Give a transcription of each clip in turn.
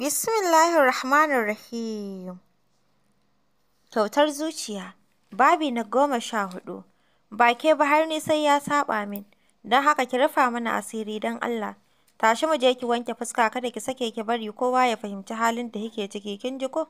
Rahim. Kyautar zuciya, babi na goma sha hudu. Ba ba har ni sai ya saba min, don haka ki rufa mana asiri don Allah. Tashi mu je ki wanke fuska kada ki sake ki bari kowa ya fahimci halin da yake ciki kin ji ko?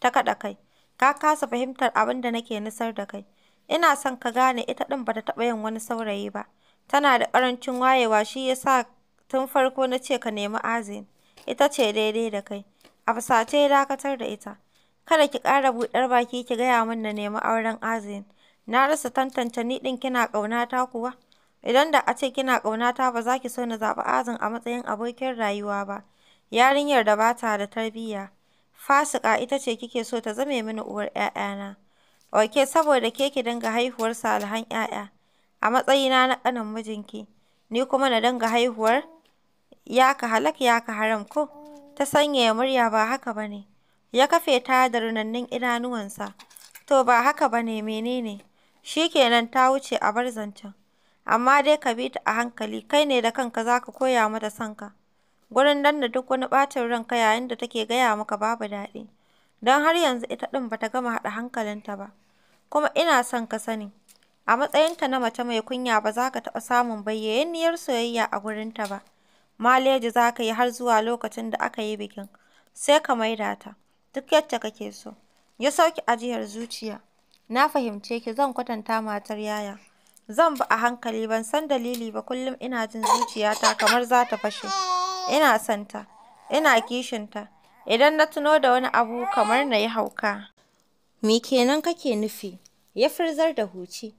Ta kada kai, ka kasa fahimtar abin da nake nisar da kai. Ina son ka gane ita ɗin bata taɓa yin wani saurayi ba. Tana da ƙarancin wayewa shi yasa tun farko na ce ka nemi azin. ita ce daidai da kai. A fusace ya dakatar da ita. Kada ki ƙara buɗar baki ki gaya min na nemi auren azumi. Na rasa tantance ni ɗin kina ƙaunata kuwa. Idan da a ce kina ƙaunata ba za ki so na zaɓi Azin a matsayin abokin rayuwa ba. Yarinyar da bata da tarbiyya. Fasika ita ce kike so ta zame mini uwar 'ya'yana. Oke saboda ke ki dinga haihuwar salihan 'ya'ya. A matsayina na ƙanin mijinki. Ni kuma na dinga haihuwar ya ka halak ya ka haram ko ta sanyaya murya ba haka bane ya kafe ta da runannin idanuwansa to ba haka bane menene shikenan ta wuce a bar zancen amma dai ka bi ta a hankali kai ne da kanka zaka koya mata sanka gurin da duk wani ran ranka yayin da take gaya maka babu daɗi don har yanzu ita ɗin bata gama haɗa hankalinta ba kuma ina son ka sani a matsayinta na mace mai kunya ba za ka taɓa samun niyyar soyayya a gurinta ba maleji za ka yi har zuwa lokacin da aka yi bikin, sai ka maida ta, duk yadda kake so. Ya sauki ajiyar zuciya. Na fahimce ki zan kwatanta matar yaya. Zan ba a hankali ban san dalili ba kullum ina jin zuciyata kamar za ta fashe. Ina santa ina kishinta. Idan na tuno da wani abu kamar na yi hauka. Me kenan kake nufi? Ya firzar da huci.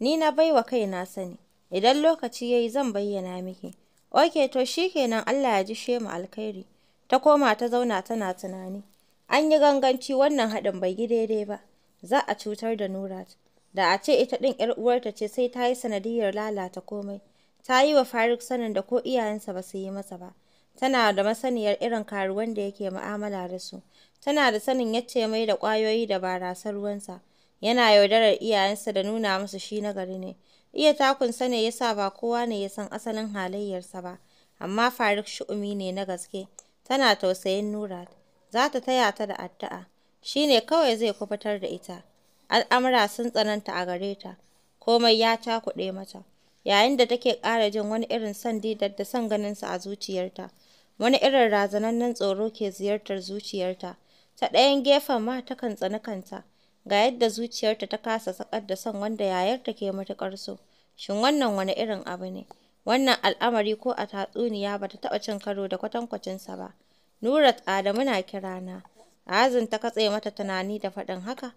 Ni na baiwa na sani. Idan lokaci ya yi zan bayyana miki. Ok, to shi kenan Allah ya ji shemu alkhairi. Ta koma ta zauna tana tunani. An yi ganganci wannan haɗin bai yi daidai ba. Za a cutar da Nurat. Da a ce ita ɗin ‘yar uwarta ce sai ta yi sanadiyar lalata komai. Ta yi wa Faruk sanin da ko iyayensa ba su yi masa ba. Tana da masaniyar irin karuwan da yake mu'amala da su. Tana da sanin yacce mai da ƙwayoyi da barasar ruwansa. Yana yaudarar iyayensa da nuna musu shi nagari ne. Iya takunsa ne ya sa ba kowa ne ya san asalin halayyarsa ba, amma Faruk shu'umi ne na gaske, tana tausayin Nura, za ta taya ta da addu'a, shi ne kawai zai kubutar da ita. Al'amura sun tsananta a gare ta, komai ya cakuɗe mata, yayin da take ƙara jin wani irin son didar da son ganinsa a zuciyarta, wani irin razanannen tsoro ke ziyartar zuciyarta, ta ɗayan gefen ma takan tsani kanta. ga yadda zuciyarta ta kasa sakar da son wanda yayarta ke matukar so. Shin wannan wani irin abu ne? Wannan al'amari ko a tatsuniya ba ta taɓa cin karo da kwatankwacinsa ba. Nurat Adamu na kirana. Azin ta katse mata tunani da faɗin haka,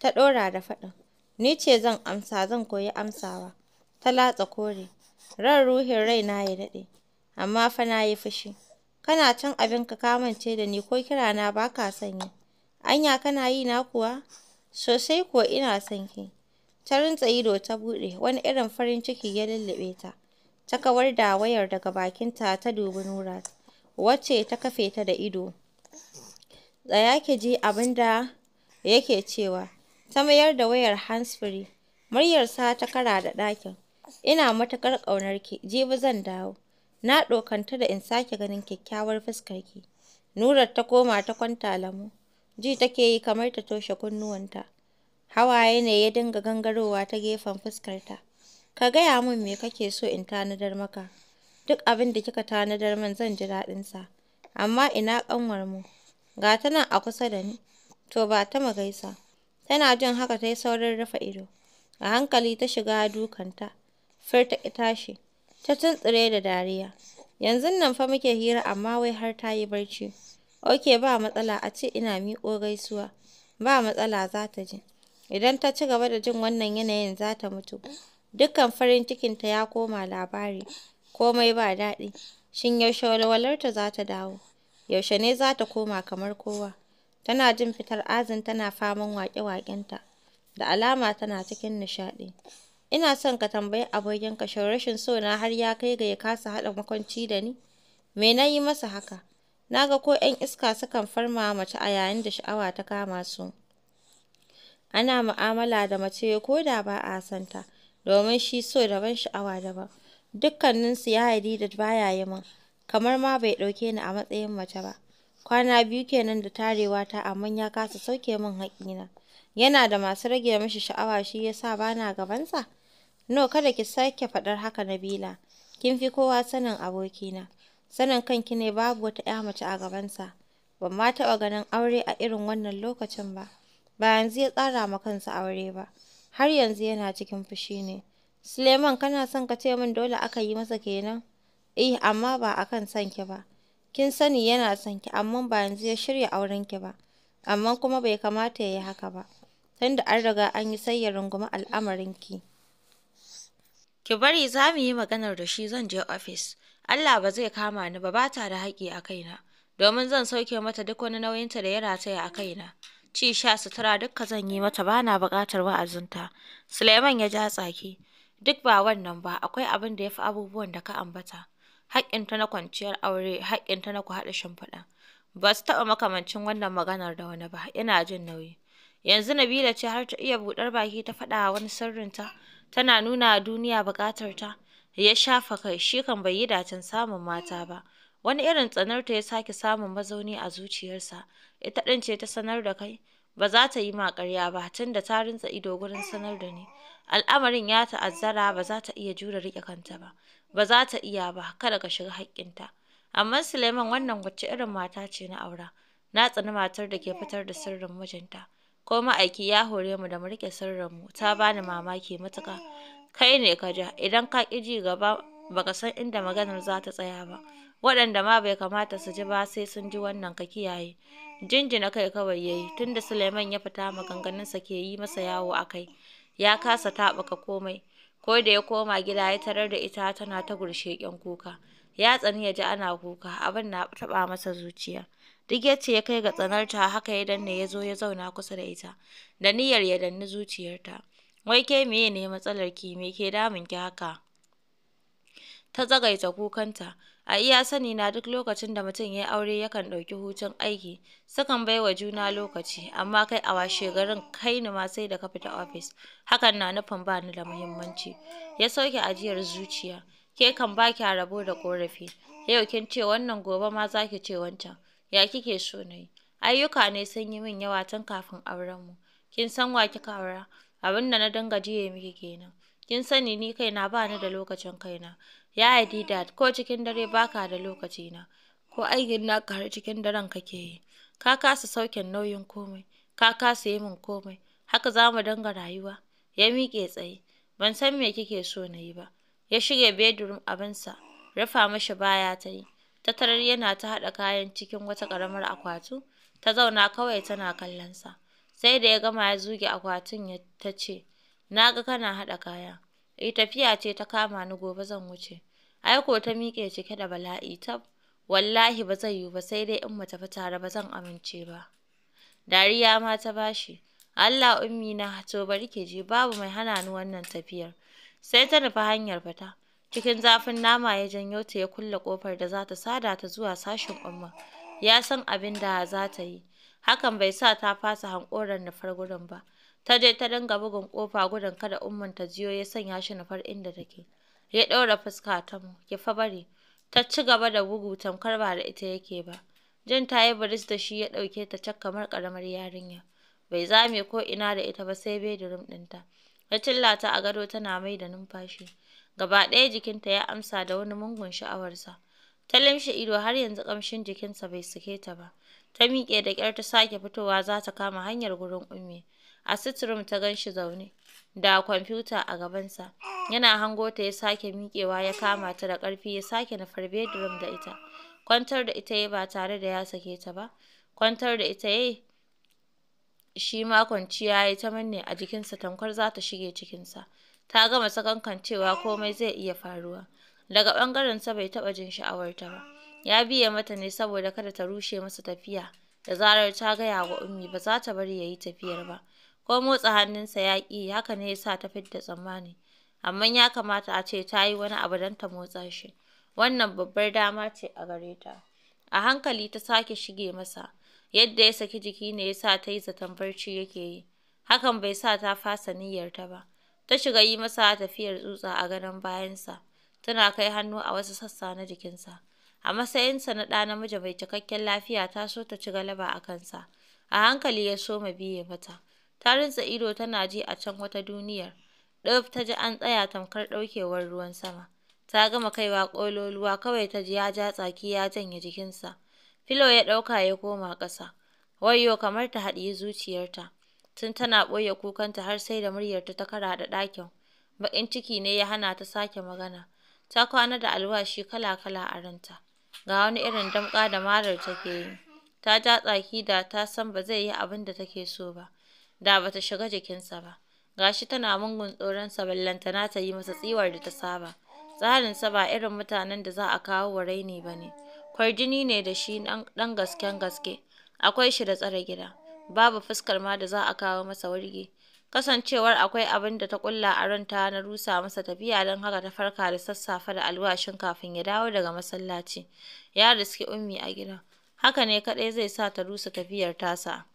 ta ɗora da faɗin. Ni ce zan amsa zan koyi amsawa. Ta latsa kore. Ran ruhin rai na ya dade. Amma fa na yi fushi. Kana can abinka ka da ni ko kirana baka ka sanyi. Anya kana yi na kuwa? Sosai ko ina son ki. Ta rintsa ido ta buɗe, wani irin farin ciki ya lullube ta. Ta kawar da wayar daga bakinta ta dubi nura wacce ta kafe ta da ido. Tsaya ki ji abin da yake cewa. Ta mayar da wayar hands-free. Muryarsa ta kara da ɗakin. Ina matuƙar ƙaunar ki, jibi zan dawo. Na ɗokanta da in sake ganin kyakkyawar fuskar ki. Nurat ta koma ta kwanta lamu. Ji take yi kamar ta toshe kunnuwanta. Hawaye ne ya dinga gangarowa ta gefen fuskarta. Ka gaya min me kake so in tanadar maka. Duk abin da kika tanadar min zan ji daɗinsa. Amma ina mu Ga ta nan a kusa da ni. To ba ta ma gaisa. Tana jin haka ta yi saurin rufe ido. A hankali ta shiga dukanta. Fir ta tashi. Ta tuntsire da dariya. Yanzun nan fa muke hira amma wai har ta yi barci. Ok ba matsala a ce ina miƙo gaisuwa, ba matsala za ta ji. Idan ta ci gaba da jin wannan yanayin za ta mutu. Dukkan farin cikinta ya koma labari, komai ba daɗi. Shin yaushe walwalarta za ta dawo? Yaushe ne za ta koma kamar kowa? Tana jin fitar azin tana faman waƙe-waƙenta, da alama tana cikin nishaɗi. Ina son ka tambayi abokinka shin rashin sona har ya kai ga ya kasa haɗa makwanci da ni? Me na yi masa haka? Na ga ko 'yan iska sukan farma mace a yayin da sha'awa ta kama su. Ana mu'amala da mace ko da ba a santa domin shi so daban sha'awa daban. Dukkaninsu ya da ba ya yi min, kamar ma bai ɗauke ni a matsayin mace ba. Kwana biyu kenan da tarewa ta amma ya kasa sauke min haƙƙina. Yana da masu rage mishi sha'awa shi ya sa ba na gabansa? No, kada ki sake faɗar haka Nabila, kin fi kowa sanin abokina. Sanin kanki ne babu wata 'ya mace a gabansa, ban ma taɓa ganin aure a irin wannan lokacin ba, ba yanzu ya tsara ma kansa aure ba, har yanzu yana cikin fushi ne. Suleiman kana son ka ce min dole aka yi masa kenan? Eh, amma ba a kan son ki ba. Kin sani yana son ki, amma ba yanzu ya shirya auren ki ba. Amma kuma bai kamata ya yi haka ba, tunda an riga an yi sai ya rungumi al'amarin ki. Ki bari za mu yi maganar da shi zan je ofis. Allah ba zai kama ni ba ba ta da haƙi a kaina domin zan sauke mata duk wani nauyin ta da ya rataya a kaina ci sha sutura dukka zan yi mata ba na buƙatar wa'azinta Suleiman ya ja tsaki duk ba wannan ba akwai abin da ya fi abubuwan da ka ambata ta na kwanciyar aure ta na ku haɗa shimfiɗa ba su taɓa makamancin wannan maganar da wani ba Ina jin nauyi yanzu Nabila ce har ta iya buɗar baki ta faɗa wani sirrinta tana nuna duniya ta. ya shafa kai, shi kan bai yi dacin samun mata ba. Wani irin tsanarta ya sake samun mazauni a zuciyarsa, ita ɗin ce ta sanar da kai, ba za ta yi ma ba tun da ta rinsa ido gurin sanar da ni. Al'amarin ya ta'azzara ba za ta iya jure riƙe kanta ba, ba za ta iya ba, kada ka shiga haƙƙinta. Amma Suleiman wannan wacce irin mata ce na aura, na tsani matar da ke fitar da sirrin mijinta. ko ma'aiki ya hore mu da mu riƙe mu. ta bani mamaki matuƙa. Kai ne ka ja, idan ka ƙi ji gaba baka san inda maganar za ta tsaya ba. Waɗanda ma bai kamata su ji ba sai sun ji wannan ka kiyaye. Jinjina kai kawai ya yi, tunda Suleiman ya fita maganganunsa ke yi masa yawo a kai. Ya kasa ka komai. Ko da ya koma gida ya tarar da ita tana ta gursheƙen kuka. Ya tsani ya ji ana kuka, abin na taɓa masa zuciya. Duk yace ya kai ga tsanarta haka ya danne ya zo ya zauna kusa da ita, da niyyar ya danni zuciyarta. Wai ke meye ne matsalar ki? me ke damun ki haka? Ta tsagaita kukanta. A iya sani na duk lokacin da mutum ya aure yakan ɗauki hutun aiki, sukan bai wa juna lokaci, amma kai a washe garin kai ni ma sai da ka fita ofis, hakan na nufin ba ni da muhimmanci. Ya sauke ajiyar zuciya, ke kan ba kya rabo da korafi yau kin ce wannan gobe ma zaki ce wancan. Ya kike so na yi? Ayyuka ne sun yi min yawa tun kafin aurenmu. Kin san wa kika aura? Abin da na dinga jiye miki kenan. Kin sani ni kaina ba ni da lokacin kaina. Ya dad, ko cikin dare baka da lokaci na Ko aikin na har cikin daren kake yi. Ka kasa saukin nauyin komai. Ka kasa yi min komai. Haka za mu dinga rayuwa. Ya miƙe tsaye. Ban san me kike so na yi ba. Ya shige bedroom abinsa. Rufa mashi baya ta yi. ta yana ta haɗa kayan cikin wata ƙaramar akwatu, ta zauna kawai tana kallon sa. Sai da ya gama ya zuge akwatin ta ce, "Na ga kana haɗa kaya, E, tafiya ce ta kama ni gobe zan wuce." Ai ko ta miƙe cike da bala'i tab, wallahi ba zai yiwu ba sai dai in mu tafi tare ba zan amince ba. Dariya ma ta bashi, "Allah ummi na to bari ke je babu mai hana ni wannan tafiyar." Sai ta nufi hanyar fita. Cikin zafin nama ya janyo ta ya kulle kofar da za ta sada ta zuwa sashin Umma. Ya san abin da za ta yi. Hakan bai sa ta fasa hankoran nufar gurin ba. Ta je ta dinga bugun kofa gudun kada Umman ta jiyo ya sanya shi nufar inda take. Ya ɗaura fuska ta mu, ya fa bari. Ta ci gaba da bugu tamkar ba da ita yake ba. Jin ta yi baris da shi ya ɗauke ta cak kamar ƙaramar yarinya. Bai zame ko ina da ita ba sai bedurum ɗinta. ya cillata a gado tana mai da numfashi. Gaba ɗaya jikinta ya amsa da wani mungun sha'awarsa. Ta limshe ido har yanzu ƙamshin jikinsa bai sake ta ba. Ta miƙe da ƙyar ta sake fitowa za ta kama hanyar gurin Ummi. A sitrum ta gan shi zaune da kwamfuta a gabansa. Yana hango ta ya sake miƙewa ya kama ta da ƙarfi ya sake nufar bedroom da ita. Kwantar da ita ya ba tare da ya sake ta ba. Kwantar da ita yi? shi ma kwanciya ya yi ta manne a jikinsa tamkar za ta shige cikinsa. Ta gama cewa komai zai iya faruwa. Daga ɓangarensa bai taɓa jin sha'awarta ba. Ya biye mata ne saboda kada ta rushe masa tafiya. Da zarar ta gaya wa Ummi ba za ta bari ya yi tafiyar ba. Ko motsa hannunsa ya ƙi haka ne ya sa ta fidda tsammani. Amma ya kamata a ce ta yi wani abu don ta motsa shi. Wannan babbar dama ce a gare ta. A hankali ta sake shige masa. Yadda ya saki jiki ne ya sa ta yi zaton barci yake yi. Hakan bai sa ta fasa niyyar ta ba. Ta shiga yi masa tafiyar tsutsa a gadon bayansa, tana kai hannu a wasu sassa na jikinsa. A matsayinsa na ɗa namiji mai cikakken lafiya ta so ta ci galaba a kansa. A hankali ya so ma biye mata. Ta rinsa ido tana ji a can wata duniyar. ɗauf ta ji an tsaya tamkar ɗaukewar ruwan sama. Ta gama kaiwa ƙololuwa kawai ta ji ya ja tsaki ya janye jikinsa. Filo ya ɗauka ya koma ƙasa. Wayyo kamar ta haɗiye zuciyarta. Tun tana ɓoye kukanta har sai da muryarta ta kara da ɗakin. Baƙin ciki ne ya hana ta sake magana. Ta kwana da alwashi kala-kala a ranta. Ga wani irin damƙa da marar take yi. Ta ja tsaki da ta san ba zai yi abin da take so ba. Da bata shiga jikinsa ba. Gashi tana mungun tsoronsa ballantana ta yi masa tsiwar da ta saba. Tsarinsa ba irin mutanen da za a kawo wa raini ba ne. Kwarjini ne da shi ɗan gasken gaske, akwai shi da tsare gida, babu fuskar ma da za a kawo masa wargi, kasancewar akwai abin da ta kulla a ranta na rusa masa tafiya don haka ta farka da sassafe da alwashin kafin ya dawo daga masallaci, ya riski Ummi a gida, haka ne kaɗai zai sa ta rusa tafiyar tasa.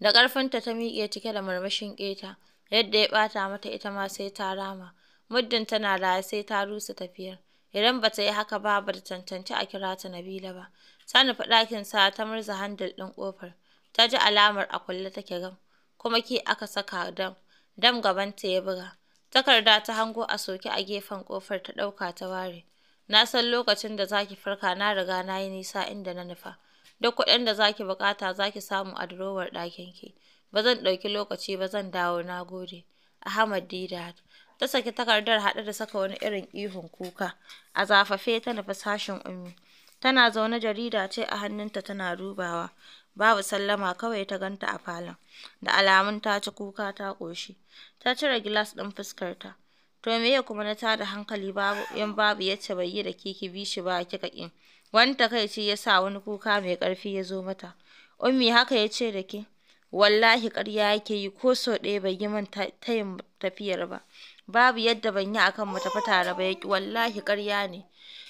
Da ƙarfinta ta miƙe cike da murmushin ƙeta, yadda ya ɓata mata ita ma sai ta rama, muddin tana da sai ta rusa tafiyar. Idan ba ta yi haka ba, ba ta tantance a kira ta Nabila ba. Ta nufi sa ta murza handle ɗin ƙofar. Ta ji alamar a kulle take gam, kuma ki aka saka dam. Dam gaban ta ya buga. Takarda ta hango a soki a gefen ƙofar ta ɗauka ta ware. Na san lokacin da zaki farka na riga na yi nisa inda na nufa. Duk kuɗin da zaki ki buƙata za samu a durowar dakin ki bazan ɗauki lokaci ba zan dawo na gode. Ahmad Didat ta saki takardar haɗe da saka wani irin ihun kuka. A zafafe ta nufi sashin Ummi. Tana zaune jarida ce a hannunta tana dubawa. Babu sallama kawai ta ganta a falon. Da alamun ta ci kuka ta ƙoshi. Ta cire gilas ɗin fuskarta. To me ya kuma na tada hankali babu yan babu yacce bai yi da kiki bi shi ba kika ƙi. Wani takaici ya sa wani kuka mai ƙarfi ya zo mata. Ummi haka ya ce da ke. Wallahi ƙarya yake yi ko sau ɗaya bai yi min tayin tafiyar ba. babu yadda ban yi akan mu tafi tare ba yaki wallahi ƙarya ne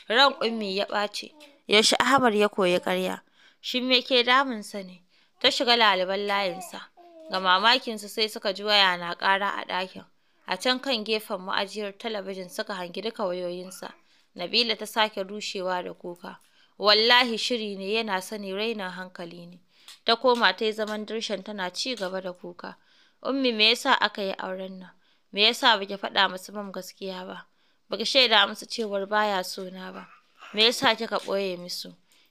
ran ummi ya ɓace yaushe Ahmad ya koyi ƙarya shi me ke damunsa ne ta shiga laliban layinsa ga mamakinsu sai suka ji waya na ƙara a ɗakin a can kan gefen ma'ajiyar talabijin suka hangi duka wayoyinsa Nabila ta sake rushewa da kuka wallahi shiri ne yana sani rainan hankali ne ta koma ta yi zaman dirshen tana ci gaba da kuka ummi me yasa aka yi auren nan Me yasa baki faɗa musu mam gaskiya ba? Baki shaida musu cewar baya so na ba. Me yasa kika ɓoye musu?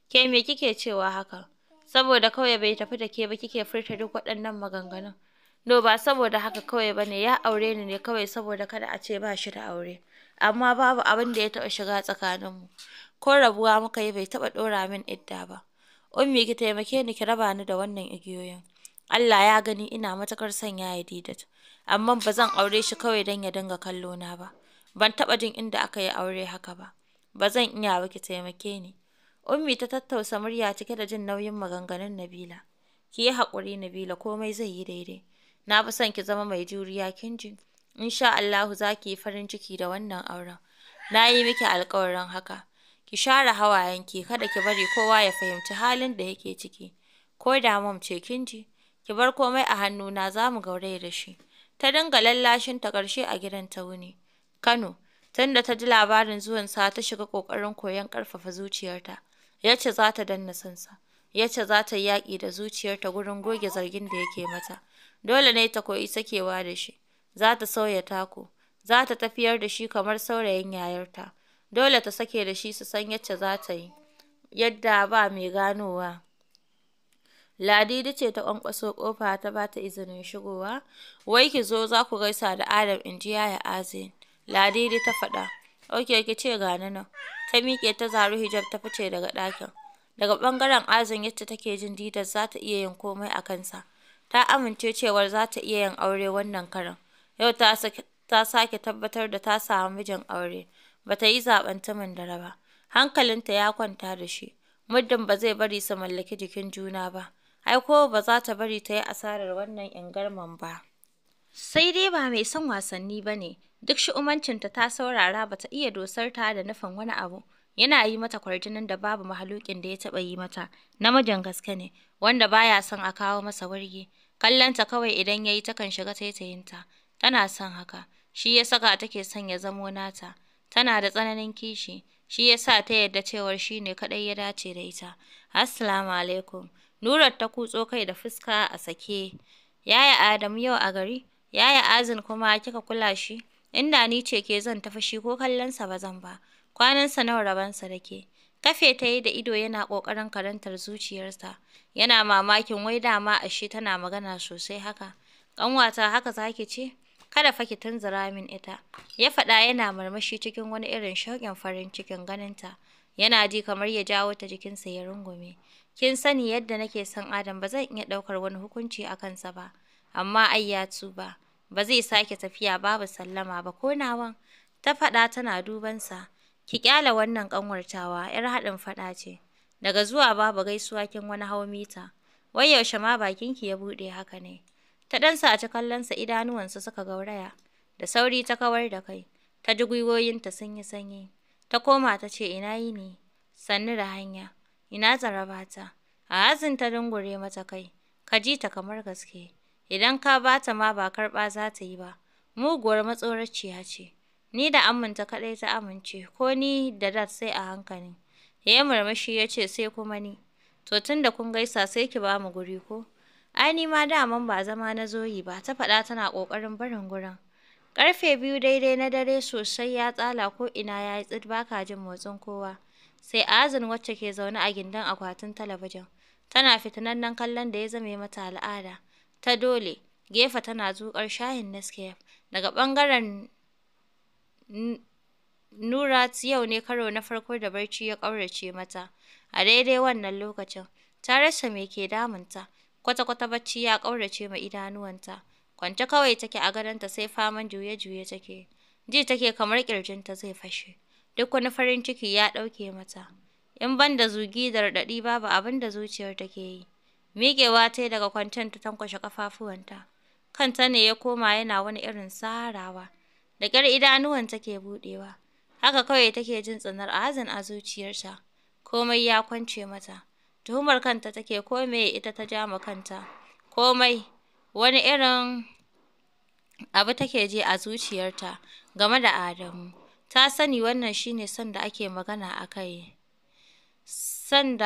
Ke me kike cewa haka? Saboda kawai bai tafi da ke ba kike furta duk waɗannan maganganun. No ba saboda haka kawai bane ya aure ni ne kawai saboda kada a ce ba shi da aure. Amma babu abin da ya taɓa shiga tsakanin mu Ko rabuwa muka yi bai taɓa ɗora min idda ba. Ummi ki taimake ni ki raba ni da wannan igiyoyin. Allah ya gani ina matakar son ya Didat. amma ba zan aure shi kawai don ya dinga kallo na ba. Ban taɓa jin inda aka yi aure haka ba. Ba zan iya ba taimake ni. Ummi ta tattausa murya cike da jin nauyin maganganun Nabila. Ki yi haƙuri Nabila komai zai yi daidai. Na fi son ki zama mai juriya kin ji. sha Allahu za ki yi farin ciki da wannan auren. Na yi miki alƙawarin haka. Ki share hawayenki kada ki bari kowa ya fahimci halin da yake ciki. Ko da mom ce kin ji. Ki bar komai a hannuna za mu gauraye da shi. ta dinga lallashin ta ƙarshe a gidan ta wuni. Kano, tun ta ji labarin zuwan sa ta shiga ƙoƙarin koyon ƙarfafa zuciyarta, yace za ta danna sansa, yace za ta yi yaƙi da zuciyarta gurin goge zargin da yake mata. Dole ne ta koyi sakewa da shi, za ta sauya taku, za ta tafiyar da shi kamar saurayin yayarta. Dole ta sake da shi su san yace za ta yi, yadda ba mai ganowa. Ladidi ce ta kwankwaso ƙofa ta ba ta izinin shigowa. "Wai ki zo za ku gaisa da Adam," in ji Yaya Azin. Ladidi ta faɗa. "Ok, ki ce ga nana nan." Ta miƙe ta zaru hijab ta fice daga ɗakin. Daga ɓangaren Azin yadda take jin didar za ta iya yin komai a kansa. Ta amince cewar za ta iya yin aure wannan karan. Yau ta sake tabbatar da ta samu mijin aure. Ba ta yi zaɓen tumin dare ba. Hankalinta ya kwanta da shi. Muddin ba zai bari su mallaki jikin juna ba. ai ko ba za ta bari ta yi asarar wannan ingarman ba. Sai dai ba mai son wasanni ba ne, duk shi'umancinta ta saurara ba ta iya dosar ta da nufin wani abu. Yana yi mata kwarjinin da babu mahalukin da ya taɓa yi mata, namijin gaske ne, wanda baya son a kawo masa wurgi. Kallonta kawai idan ya yi takan shiga taitayinta, tana son haka, shi ya saka take son ya zamo nata. Tana da tsananin kishi, shi ya sa ta yarda cewar shi ne kaɗai ya dace da ita. Assalamu alaikum. Nurat ta kutso kai da fuska a sake. "Yaya Adamu yau a gari? Yaya Azin kuma kika kula shi? Inda ni ce ke zan tafi shi ko kallon sa ba zan ba. Kwanansa nawa raban sa dake Kafe ta yi da ido yana ƙoƙarin karantar zuciyarsa. Yana mamakin wai dama ashe tana magana sosai haka. "Ƙanwata haka zaki ce? Kada fa ki tunzura min ita." Ya faɗa yana murmushi cikin wani irin shauƙin farin cikin ganinta. Yana ji kamar ya jawo ta jikinsa ya rungume. Kin sani yadda nake son Adam ba zan iya ɗaukar wani hukunci a kansa ba, amma ai ya tuba. Ba zai sake tafiya babu sallama ba ko nawan. Ta faɗa tana dubansa. Ki kyala wannan ƙanwartawa, 'yar haɗin faɗa ce. Daga zuwa babu gaisuwa kin wani hau mita. Wai yaushe ma bakin ki ya buɗe haka ne. Ta ɗan saci kallon sa idanuwansa suka gauraya. Da sauri ta kawar da kai. Ta ji gwiwoyinta sun yi sanyi. Ta koma ta ce, ina yini, sannu da hanya, ina ta, A hazin ta dungure mata kai, ka ji ta kamar gaske. Idan ka ba ta ma ba karɓa za ta yi ba, muguwar matsoraciya ce. Ni da aminta kaɗai ta amince, ko ni da dat sai a hankali. Ya murmushi ya ce, sai kuma ni. To tun da kun gaisa sai ki ba mu guri ko? Ai ni ma daman ba zama na zoyi ba, ta faɗa tana ƙoƙarin barin gurin. Ƙarfe biyu daidai na dare sosai ya tsala ko ina ya yi tsit ba ka jin motsin kowa, sai Azin wacce ke zaune a gindin akwatin talabijin, tana fitinannen kallon da ya zame mata al'ada, ta dole, gefe tana zuƙar shayin Nescafe. Daga ɓangaren Nurat yau ne karo na farko da barci ya ƙaurace mata, a daidai wannan lokacin, ta rasa me ke damunta, kwata-kwata bacci ya ƙaurace ma idanuwanta. Kwance kawai take a gadonta sai faman juye-juye take. Ji take kamar ta zai fashe. Duk wani farin ciki ya ɗauke mata. In ban da zugi da raɗaɗi babu abin da zuciyar take yi. Miƙewa ta yi daga kwancen ta tankwashe ƙafafuwanta. Kanta ne ya koma yana wani irin sarawa. Da ƙyar idanuwan take buɗewa. Haka kawai take jin tsanar azan a zuciyarta. Komai ya kwance mata. Tuhumar kanta take ko me ita ta ja ma kanta. Komai wani irin abu take ji a zuciyarta game da Adamu. Ta sani wannan shi ne son da ake magana a kai, son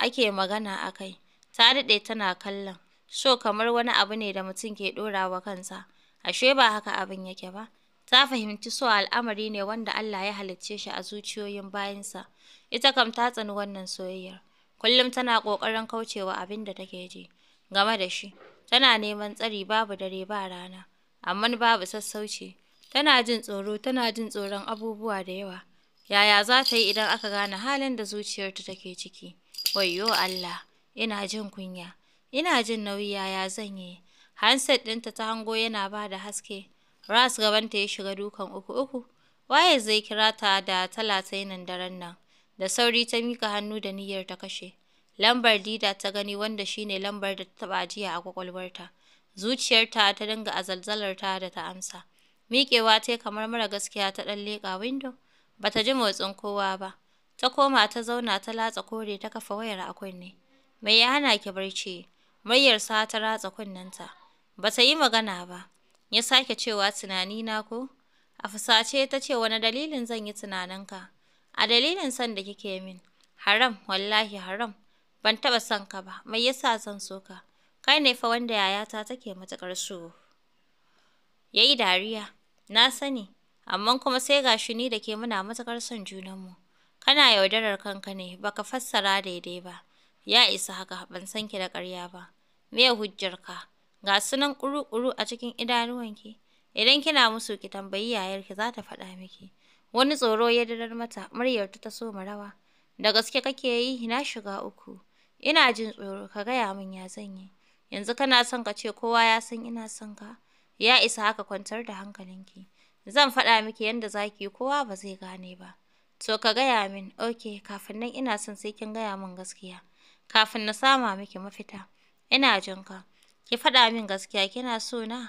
ake magana a kai. Ta daɗe tana kallon, so kamar wani abu ne da mutum ke ɗorawa kansa, ashe ba haka abin yake ba. Ta fahimci so al'amari ne wanda Allah ya halicce shi a zuciyoyin bayansa, ita kam ta tsani wannan soyayyar. Kullum tana ƙoƙarin kaucewa abin da take ji game da shi, Tana neman tsari babu dare ba rana, amma babu sassauci. Tana jin tsoro, tana jin tsoron abubuwa da yawa. Yaya za ta yi idan aka gane halin da zuciyarta take ciki? Wayyo Allah, ina jin kunya, ina jin nauyi yaya zan yi? Handset ɗinta ta hango yana ba da haske. Ras gabanta ya shiga dukan uku-uku. Waye zai kira ta da talatainan daren nan? Da sauri ta miƙa hannu da niyyar ta kashe. Lambar Dida ta gani wanda shi ne lambar da ta taɓa jiya a ƙwaƙwalwarta, zuciyarta ta dinga ta da ta amsa, miƙewa ta yi kamar mara gaskiya ta ɗan leƙa windo, ba ta ji motsin kowa ba, ta koma ta zauna ta latsa kore ta kafa wayar a kunne. Me ya hana ki barci? Muryarsa ta ratsa kunnenta. Ba ta yi magana ba. Ya sake cewa tunani na ko? A fusace ta ce wani dalilin zan yi tunaninka? A dalilin son da kike min. Haram, wallahi haram. ban taɓa son ka ba, mai yasa zan so ka? Kai ne fa wanda yayata take matuƙar so. Ya yi dariya, na sani, amma kuma sai ga shi ni da ke muna matuƙar son junanmu. Kana yaudarar kanka ne, baka fassara daidai ba. Ya isa haka, ban san ki da ƙarya ba. Me ka Ga sunan ƙuru-ƙuru a cikin idanuwanki. Idan kina musu ki tambayi yayarki za ta faɗa miki. Wani tsoro ya dadar mata, muryar ta so rawa. Da gaske kake yi, na shiga uku. Ina jin tsoro, ka gaya min ya zan yi. Yanzu kana son ka ce kowa ya san ina son ka? Ya isa haka kwantar da hankalinki. Zan faɗa miki yadda za ki yi kowa ba zai gane ba. To ka gaya min, oke kafin nan ina son sai kin gaya min gaskiya. Kafin na sama miki mafita. Ina jin ka. Ki faɗa min gaskiya kina so na?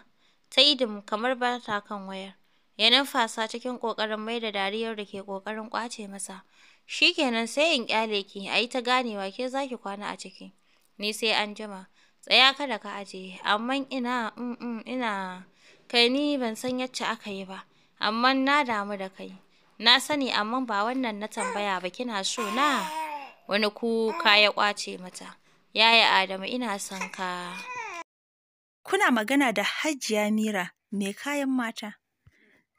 Ta idin kamar ba ta kan wayar. Ya numfasa cikin ƙoƙarin mai da dariyar da ke ƙoƙarin ƙwace masa. Shi kenan sai in ƙyale ki, a yi ta ganewa ke za ki kwana a ciki. Ni sai an jima. Tsaya kada ka aje, amma ina, mm, mm, ina, kai ni ban san yacce aka yi ba, amma na damu da kai. Na sani amma ba wannan na tambaya ba kina so na? Wani kuka ya kwace mata. Yaya Adamu ina son ka. Kuna magana da Hajiya Mira mai kayan mata.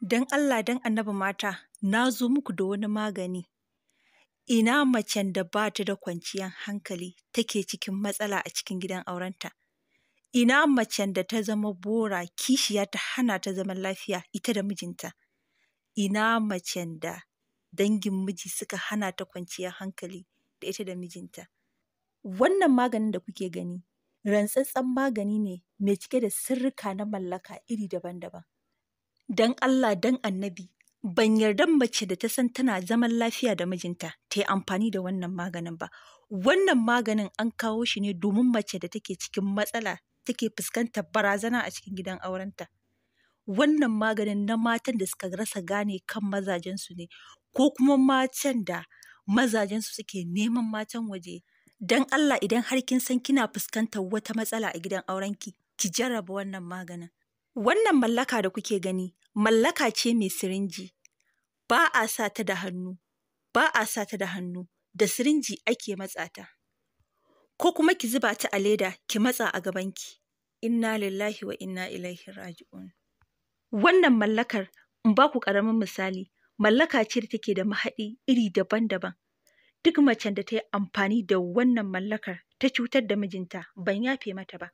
Don Allah don annabi mata, na zo muku da wani magani. Ina macen da ba ta da kwanciyar hankali take cikin matsala a cikin gidan aurenta? Ina macen da ta zama bora kishiya ta hana ta zaman lafiya ita da mijinta? Ina macen da dangin miji suka hana ta kwanciyar hankali da ita da mijinta? Wannan maganin da kuke gani, rantsatsen magani ne mai cike da sirrika na mallaka iri daban-daban. Don Allah, don annabi, ban yarda mace da ta san tana zaman lafiya da mijinta ta yi amfani da wannan maganin ba wannan maganin an kawo shi ne domin mace da take cikin matsala take fuskantar barazana a cikin gidan aurenta wannan maganin na matan da suka rasa gane kan mazajensu ne ko kuma matan da mazajensu suke neman matan waje don allah idan har kin san kina fuskantar wata matsala a gidan aurenki ki jarraba wannan maganin wannan mallaka da kuke gani mallaka ce mai sirinji ba a sa ta da hannu ba a sa ta da hannu da sirinji ake matsa ta ko kuma ki zuba ta a leda ki matsa a gabanki inna lillahi wa inna ilaihi raji'un wannan mallakar in ba ku ƙaramin misali mallaka ce da take da mahaɗi iri daban-daban duk macen da ta yi amfani da wannan mallakar ta cutar da mijinta ban yafe mata ba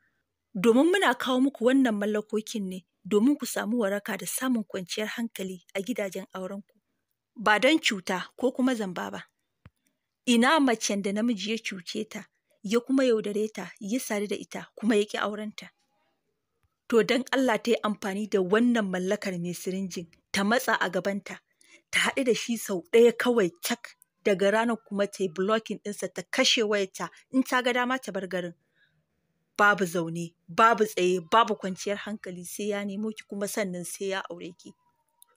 domin muna kawo muku wannan mallakokin ne domin ku samu waraka da samun kwanciyar hankali a gidajen aurenku ba don cuta ko kuma zamba ba. Ina macen da namiji ya cuce ta, ya kuma yaudare ta, ya sadu da ita, kuma ya ƙi aurenta. To don Allah ta yi amfani da wannan mallakar mai sirinjin, ta matsa a gabanta, ta haɗu da shi sau ɗaya kawai cak daga ranar kuma ta yi blocking ɗinsa ta kashe wayata in ta ga dama ta bar garin. Babu zaune, babu tsaye, babu kwanciyar hankali sai ya nemo ki kuma sannan sai ya aure ki.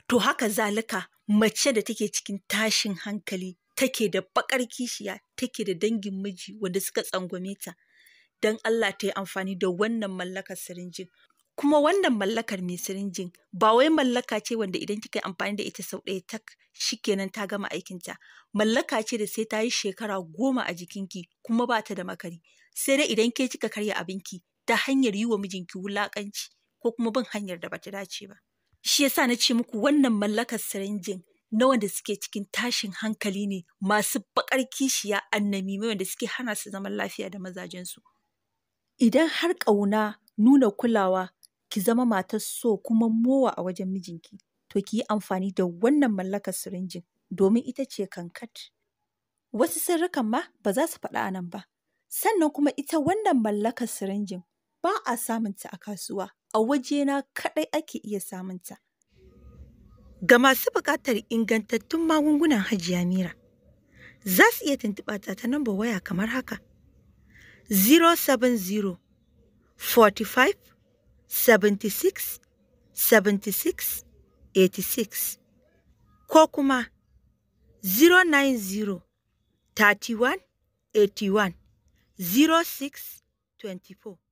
to haka zalika mace da take cikin tashin hankali take da bakar kishiya take da dangin miji wanda suka tsangwame ta don Allah ta yi amfani da wannan mallakar sirinjin kuma wannan mallakar mai sirinjin ba wai mallaka ce wanda idan kika yi amfani da ita sau ɗaya tak kenan ta gama aikinta mallaka ce da sai ta yi shekara goma a jikinki kuma ba ta da makari sai dai idan ke kika karya abinki ta hanyar yi wa mijinki wulaƙanci ko kuma bin hanyar da bata dace ba Shi yasa na ce muku wannan mallakar sirinjin na wanda suke cikin tashin hankali ne masu bakar kishiya annami wanda suke hana su zaman lafiya da mazajensu. Idan har ƙauna nuna kulawa ki zama matar so kuma mowa a wajen mijinki, to ki yi amfani da wannan mallakar sirinjin domin ita ce kankat. Wasu sirrikan ma ba za su faɗa a nan ba. Sannan kuma ita wannan mallakar sirinjin ba a samunta a kasuwa. a wajena kaɗai ake iya samunta. Ga masu buƙatar ingantattun magungunan hajiya Mira, za su iya tuntuɓa ta ta namba waya kamar haka. 070 45 76 76 86 ko kuma 090 31 81 06 24.